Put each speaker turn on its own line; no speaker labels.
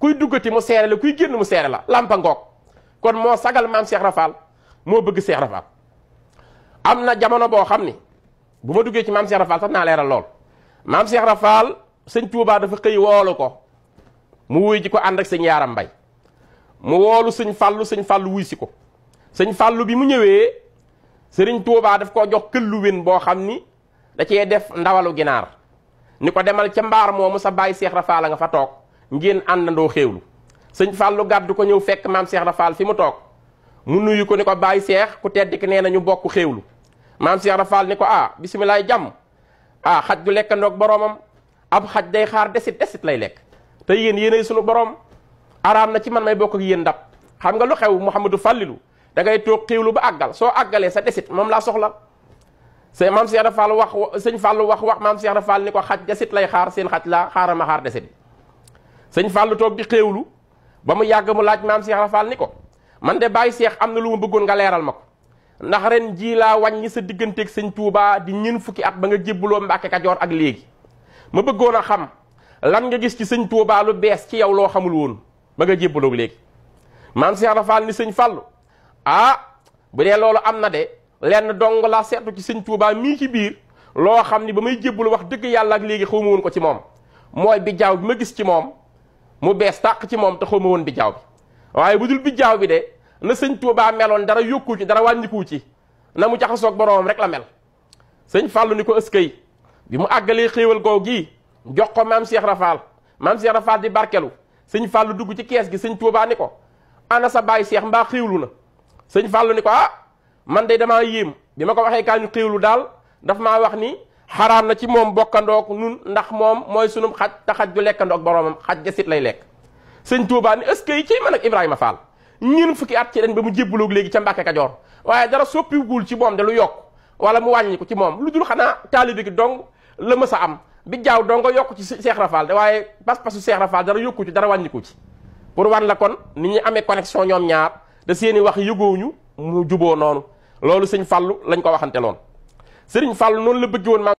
kuy ti mu seere la kuy génn mu seere la làmpa ngoog kon moo sagal maam ra Rafaal moo bëgg Cheikh Rafaal am na jamono boo xam ni bu ma duggee ci maam Cheikh Rafaal sax naa leeral lool maam ra Rafaal sëñ Touba dafa xëy woolu ko mu wuy ji ko ànd ak sëñ Yaaram Mbay mu woolu sëñ Fàllu sëñ Fàllu wuy si ko sëñ Fàllu bi mu ñëwee sëriñ Touba daf koo jox këllu wén boo xam ni da cee def ndawalu ginaar ni ko demal ca mbaar moo mu sa bàyyi Cheikh Rafaal a nga fa toog ngeen andando xewlu seigne fallu gaddu ko ñew fekk mam Cheikh rafal fi mu tok mu nuyu ko ni ko bàyyi ku tedd ki neena ñu bokku xewlu mam Cheikh rafal ni ko ah bismillah jam ah xaj du lekkandoog boromam ab xaj day xaar desit desit lay lek te yeen yene suñu borom aram na ci man may bokku yeen ndap xam nga lu xew muhammadu Fallilu da ngay tok xewlu ba agal so agale sa desit mom la soxla sëñ Mam Cheikh Rafal wax sëñ Fàllu wax wax Mam Cheikh Rafal ni desit lay xaar seen la xaar ma xaar desit sëñ Fallou toog di xéewlu ba mu yàgg mu laaj maam Cheikh Ibra Fall ni ko man de bàyyi Cheikh am na lu ma bëggoon nga leeral ma ko ndax ren jii laa wàññi sa digganteeg sëñ tuubaa di ñeen fukki at ba nga jébbaloo Mbàkke Kajoor ak léegi ma bëggoon a xam lan nga gis ci sëñ Touba lu bees ci yow loo xamul woon ba nga jébbaloo léegi maam Cheikh Ibra Fall ni sëñ Fallou ah bu dee loolu am na de lenn dong laa seetu ci sëñ Touba mii ci biir loo xam ni ba may jébbalu wax dëgg yàlla ak léegi xaw ma woon ko ci moom mooy bi jaaw bi ma gis ci moom mu bees tàq ci moom te xaw ma woon bijaaw bi waaye bu dul bijaaw bi de na sëñ Tuubaa meloon dara yokku ci dara wàññiku ci na mu jaxasoog boroomam rek la mel sëñ Fàllu ni ko ëskay bi mu àggalee xéewal googu gi jox ko maam Cheikh Rafaal maam Cheikh Rafaal di barkelu sëñ Fàllu dugg ci kees gi sëñ Tuubaa ni ko ana sa baay Cheikh mbaa xéewlu na sëñ Fàllu ni ko ah man de damaa yéem bi ma ko waxee kaa ñu xéewlu daal daf maa wax ni xaraam na ci moom bokkandook nun ndax moom mooy sunum xaj te xaj lekkandoo lekkandook boroomam xaj ja sit lay lekk sëñ Tuubaa ni est-ce que yi ciy man ak Ibrahima faal ñeen fukki at ci ren ba mu jébbaloog léegi ca Mbàkke Kajoor waaye dara soppiwul ci moom de lu yokk wala mu wàññi ko ci moom lu dul xanaa taalibe gi dong la mës a am bi jaaw dong yokk ci Seex Rafaal de waaye pas-pasu Seex Rafaal dara yokku ci dara wàññiku ci pour wan la kon ni ñu amee connexion ñoom ñaar da seeni wax yëgooñu mu juboo noonu loolu sëñ Fallu lañ ko waxante loon sëriñ Fallu noonu la bëgg woon